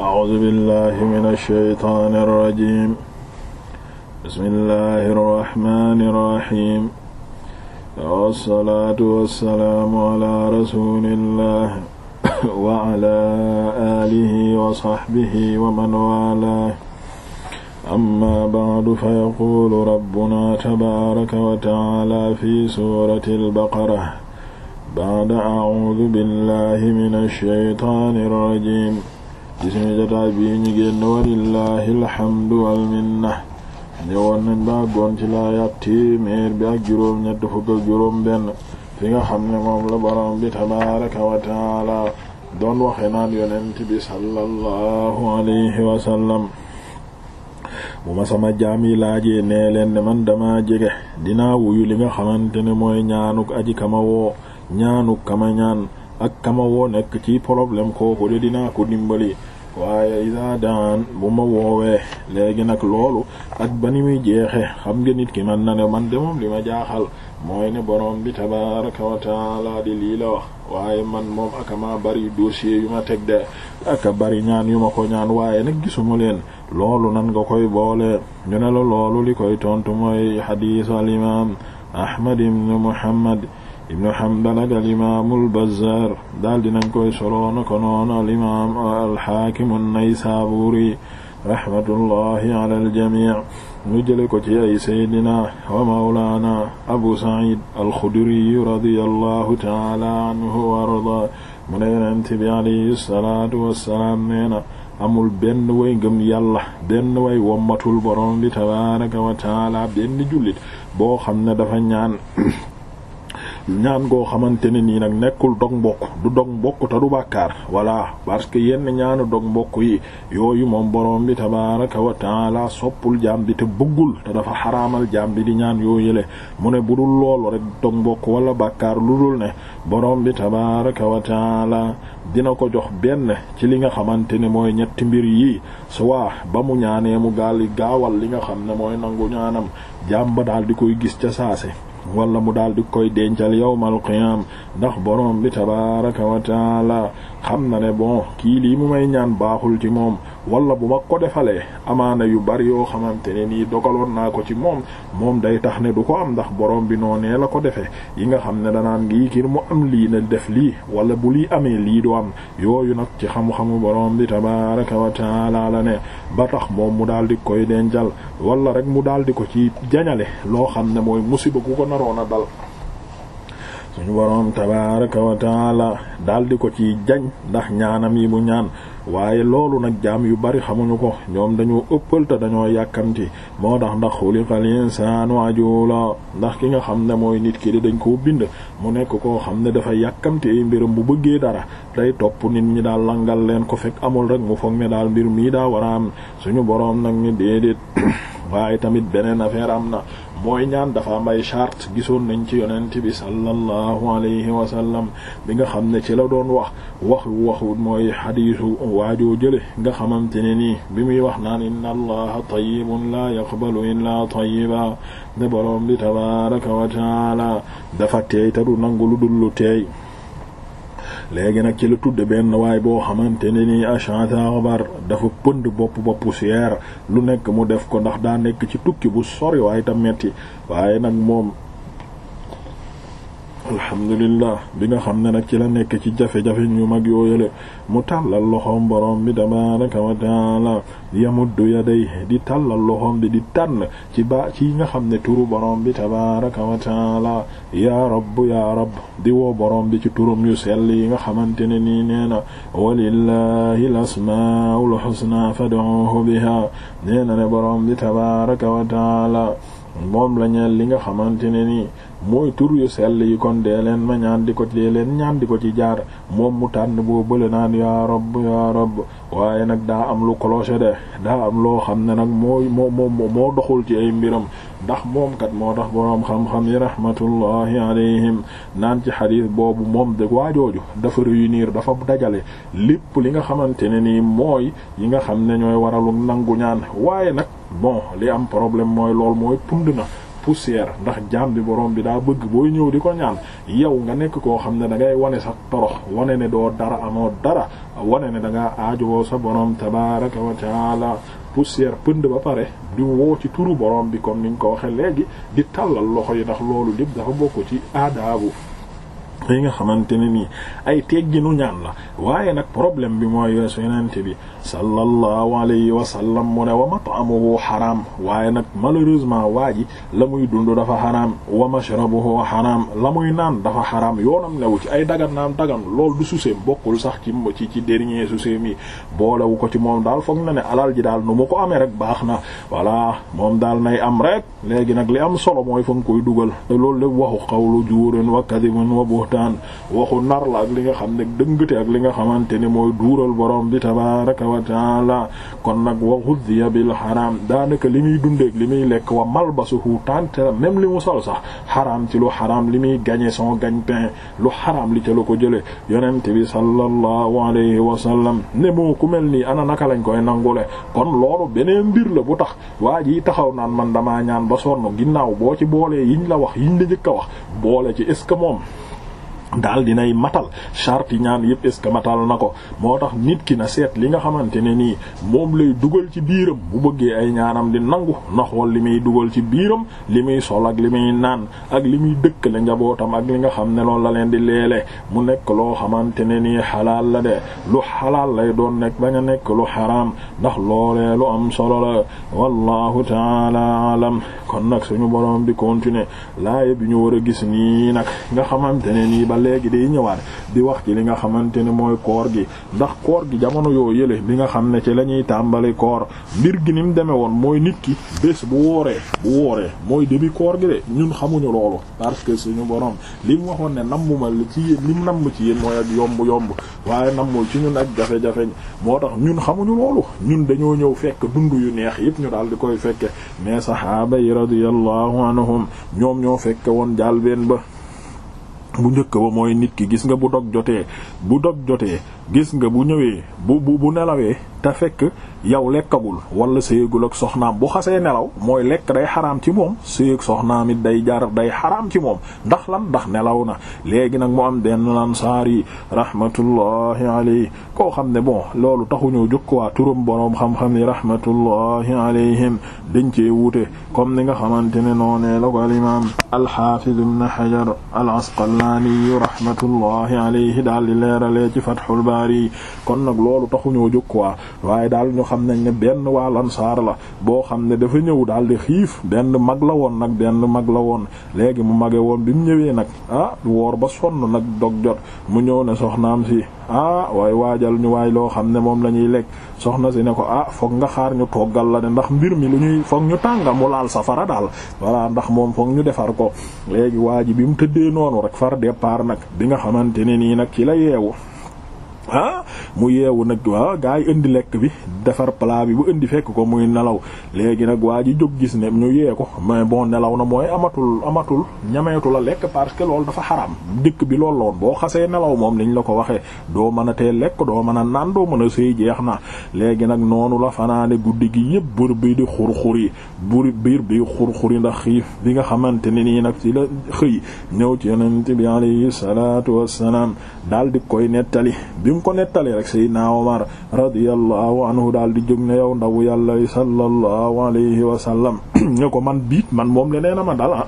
أعوذ بالله من الشيطان الرجيم بسم الله الرحمن الرحيم والصلاة والسلام على رسول الله وعلى آله وصحبه ومن والاه أما بعد فيقول ربنا تبارك وتعالى في سورة البقرة بعد أعوذ بالله من الشيطان الرجيم di suñu jotaay bii ñu génn walillahi alhamdu wal ñëwoon nañ ba àggoon ci laayaat téeméer bi ak juróom-ñett fukk ak juróom-benn fi nga xam ne moom la borom bi tabaaraka wa taala doon waxe naan yonent bi sallallahu alayhi wa bu ma sama jaam yi laajee nee leen man dama jege dinaa wuyu li nga xamante ne mooy ñaanuk aji kama ñaanuk kama ak kama nekk ci problème kooku de dinaa ko dimbali waaye ida daan bu ma woowee léegi nag loolu ak ba ni muy jeexe xam nga nit ki man na ne man de moom li ma jaaxal mooy ne borom bi tabaraka wa taala di lii la wax waaye man moom akama bari dossier yu ma teg de aka bari ñaan yu ma ko ñaan waaye nag gisuma leen loolu nan nga koy boole ñu ne la loolu li koy tontu mooy xadiis al imam ahmad ibn muhammad ibnu Hamdan ak alimaamul Bazzaar daal dinañ koy soloona ko noonu alimaam alxaakim an-Naysaabuuri rahmatullahi ala aljamic ñu jële ko ci ay saydina wa mawlaana abu Saciid alxudriyu radiyallahu taala anhu wa arda mu ne yonent bi alayhi salaatu wassalaam nee na amul benn way ngëm yàlla benn way wommatul borom bi tabaaraka wa taala benn jullit boo xam ne dafa ñaan ñaan goo xamante ne nii nag nekkul dog mbokk du dog mbokk te du bàkkaar voilà parce que yenn ñaanu dog mbokk yi yooyu moom borom bi tabaaraka wa taala soppul jaam bi te bëggul te dafa xaraamal jaam bi di ñaan yoo yële mu ne bu dul loolu rek dog mbokk wala bàkkaar lu dul ne borom bi tabaaraka wa dina ko jox benn ci li nga xamante ne mooy ñetti mbir yi soit ba mu ñaanee mu gaal yi gaawal li nga xam ne mooy nangu ñaanam jaam ba daal di koy gis ca wala mu daal di koy dencal yawmal qiyaam ndax borom bi tabaaraka wa taala xam na ne bon kii lii mu may ñaan baaxul ci moom wala bu ma ko defalee amaana yu bari yoo xamante ne nii dogaloon naa ko ci moom moom day tax ne du ko am ndax borom bi noonee la ko defee yi nga xam ne danaan ngi ngir mu am lii ne def lii wala bu lii amee lii du am yooyu nag ci xam-xamu borom bi tabaraka wa la ne ba tax moom mu daal di koy dencal wala rek mu daal di ko ci jañale loo xam ne mooy musiba ku ko naroon a dal suñu boroom tabaaraka wa taala daal di ko ci jañ ndax ñaanam yi bu ñaan waaye loolu nag jaam yu bari xamuñu ko ñoom dañoo ëppal dañoo yàkkamti moo tax ndax xuliqal insaanu la ndax ki nga xam ne mooy nit ki di dañ ko bind mu nekk ko xam ne dafa yàkkamti ay mbiram bu bëggee dara tey topp nit ñi daal langal leen ko fekk amul rek mu foog ne daal mbir mii daa war suñu boroom nag ñu déedéet waaye tamit beneen affaire am na mooy ñaan dafa mbay ay charte gisoon nañ ci yonent bi sallallahu alayhi wa sallam bi nga xam ne ci la doon wax waxu waxu mooy xadiisu waajoo jële nga xamante ne nii bi muy wax naan inna allaha tayyibun la yaqbalu illa tayyiba de boroom bi tabaraka wa taala dafa teey te du nangu lu dul lu teey léegi nag ci la tudde benn waay boo xamante ne nii achansa xabar dafa pënd bopp ba poussière lu nekk mu def ko ndax daa nekk ci tukki bu sori waaye tam metti waaye nag moom alhamdulillah bi nga xam ne nag ci la nekk ci jafe-jafe ñu mag yooyale mu tàllal loxoom borom bi tabaraka wa taala yamuddu yaday di tàllal loxoom bi di tànn ci ba ci nga xam ne turu borom bi tabaraka wa taala ya rabb ya di woo borom bi ci turam yu sell yi nga xamante ne nii nee na walillahi l asmaul husna fad'uhu biha nee ne borom bi tabaraka wa taala moom la ñaan li nga xamante ne nii mooy tur yu sell yi kon dee leen ma ñaan di ko dee leen ñaan di ko ci jaar moom mu tànn boo bële naan yaa rabb yaa rabb waaye nag daa am lu cloche de daa am loo xam ne nag mooy moo moo moo doxul ci ay mbiram ndax moom kat moo tax boroom xam-xam yi rahmatullahi alayhim naan ci xadiis boobu moom de jooju dafa réunir dafa dajale lépp li nga xamante ne nii mooy yi nga xam ne ñooy waralu nangu ñaan waaye nag bon li am problème mooy lool mooy pund na poussière ndax jaam bi borom bi daa bëgg booy ñëw di ko ñaan yow nga nekk koo xam ne da ngay wane sa torox wane ne doo dara amoo dara wane ne da ngaa aajowoo sa borom tabaraka wa la poussière pënd ba pare di woo ci turu borom bi comme niñ ko waxe léegi di tàllal loxo yi ndax loolu lépp dafa bokk ci aadaabu yi nga xamante ne nii ay tegginu ñaan la waaye nag problème bi mooy yeesu yonent bi sallallahu alayhi wa sallam mu ne wa mat'amuhu xaraam waaye nag malheureusement waa ji la muy dund dafa xaraam wa mashrabuhu xaraam la muy naan dafa xaraam yoonam newu ci ay dagan naam dagan lool du suseem bokkul sax ci ci ci dernier suseem yi boolewu ko ci moom daal foog na ne alal ji daal nu mu ko amee rek baax na voilà moom daal nay am rek léegi nag li am solo mooy fa nga koy dugal te loolu waxu xawlu juurin wa kadibun wa buhtan buhtaan waxu nar la ak li nga xam ne dëngate ak li nga xamante ne mooy duural borom bi tabaraka wa taala kon nag wa ghudhiya bil xaraam daanaka li muy dundeek li muy lekk wa malbasuhu tante même li mu sol sax xaraam ci lu xaraam li muy gagner son gagne-pain lu xaraam li ca la ko jële yonent bi sallallahu alayhi wa sallam ne moo ku mel nii ana naka lañ koy nangule kon loolu beneen mbir la bu tax waa ji taxaw naan man damaa ñaan ba sonn ginnaaw boo ci boolee yiñ la wax yiñ la njëkk a wax boole que moom daal dinay matal charte yi ñaan yëpp est matal na ko moo tax nit ki na seet li nga xamante ne nii moom lay dugal ci biiram bu bëggee ay ñaanam di nangu na xool li muy dugal ci biiram li muy sol ak li muy naan ak li muy dëkkale njabootam ak li nga xam ne loolu la leen di leele mu nekk loo xamante ne nii xalaal la de lu xalaal lay doon nekk ba nga nekk lu xaraam ndax loolee lu am solo la wallahu taala alam kon nag suñu borom di continuer laaye bi ñu war léegi day ñëwaat di wax ci li nga xamante ne mooy koor gi ndax koor gi jamono yoo yële bi nga xam ne ci la ñuy tàmbali koor mbir gi ni mu demee woon mooy nit ki bés bu wooree bu wooree mooy début koor gi de ñun xamuñu loolu parce que suñu borom li mu waxoon ne nammuma li ci yéen li mu ci yéen mooy ak yomb yomb waaye nammul ci ñun ak jafe-jafe moo tax ñun xamuñu loolu ñun dañoo ñëw fekk dund yu neex yëpp ñu daal di koy fekke mais saxaaba yi radiyallahu anhum ñoom ñoo fekke woon jàll ba bu njëkk ba mooy nit ki gis nga bu dog jotee bu dog jotee gis nga bu ñëwee bu bu bu nelawee te fekk yow lekkagul wala séyegul ak soxnaam bu xasee nelaw mooy lekk day xaraam ci moom séyeg soxnaam it day jar day xaraam ci moom ndax lan ndax nelaw na léegi nag mu am benn ansaar yi rahmatullahi alayhi koo xam ne bon loolu taxuñoo jukkuwaa turam boroom xam-xam ni rahmatullahi alayhim dañ cee wuute comme ni nga xamante ne noonee la ko al imam alxafiz ibn hajar al asqalaani rahmatullahi alayhi daal leeralee ci ansaari kon nag loolu taxuñoo jóg quoi waaye daal ñu xam nañ ne benn waa lansaar la boo xam ne dafa ñëw daal di xiif benn mag la woon nag benn mag la woon léegi mu mage woon bi mu ñëwee nag ah woor ba sonn nag dog jot mu ñëw ne soxnaam si ah waaye waajal ñu waay loo xam ne moom la ñuy lekk soxna si ne ko ah foog nga xaar ñu toggal la ne ndax mbir mi lu ñuy foog ñu tànga mu laal safara daal voilà ndax moom foog ñu defar ko léegi waa ji bi mu tëddee noonu rek far départ nag bi nga xamante ne nii nag ci la yeewu ah mu yeewu nag waaw gaa yi indi lekk bi defar plat bi bu indi fekk ko muy nelaw léegi nag waa ji jóg gis ne ñu yee ko mais bon nelaw na mooy amatul amatul ñameetu la lekk parce que loolu dafa xaraam dikk bi loolu la woon boo xasee nelaw moom liñ la ko waxee doo mën a tee lekk doo mën a naan doo mën a sëy jeex na léegi nag noonu la fanaane guddi gi yëpp bur bi di xurxur yi bur biir bi xurxur yi ndax xiif bi nga xamante ne nii nag ci la xëy ñëw ci yonent bi daal di koy nettali mu ko nettali rek Seydina Omar radiyallahu anhu daal di jóg na yow ndaw yàlla sallallahu alayhi wa sallam ne ko man biit man moom le nee ma dal ah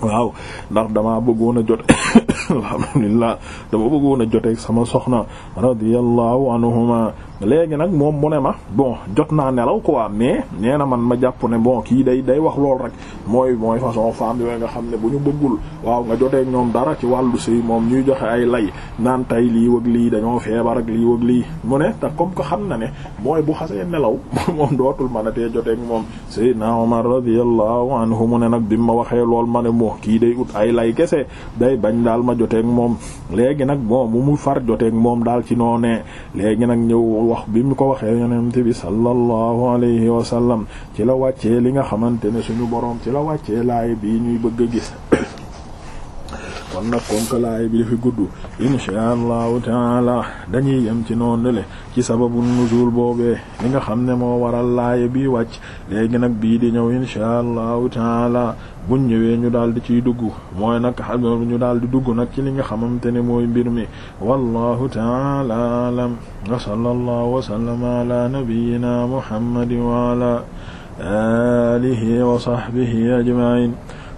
waaw ndax dama bëggoon a jot alhamdulillah dama bëggoon a joteeg sama soxna radiyallahu anhuma léegi nag moom mu ne ma bon jot naa nelaw quoi mais nee na man ma jàpp ne bon kii day day wax lool rek mooy mooy façon femme yooyu nga xam ne bu ñu bëggul waaw nga jotee ñoom dara ci wàllu si moom ñuy joxe ay lay naan tey lii wëg lii dañoo feebar ak lii lii mu ne te comme ko xam na ne mooy bu xasee nelaw moom dootul mën a tee joteeg moom Seydina Omar radiyallahu anhu mu ne nag bi ma waxee lool ma ne moo kii day ut ay lay kese day bañ daal ma joteeg moom léegi nag bon far joteeg moom daal ci noonee léegi nag ñëw wax bi mu ko waxee yonent bi sallallahu alayhi wa sallam ci la wàccee li nga xamante ne suñu boroom ci la wàccee laay bii ñuy bëgg a gis kon nag comme que laay bi dafa gudd insha allahu taala dañuy yem ci noonu le ci sababu nuzul boobee li nga xam ne moo waral laaya bi wàcc léegi nag bii di ñëw insha allahu taala buñ ñëwee ñu daal di ciy dugg mooy nag xam ñu daal di dugg nag ci li nga xamante ne mooy mbir mi wallahu taala alam wa sallallahu wa sallama ala nabiyyina muhammadin wa ala alihi wa sahbihi ajma'in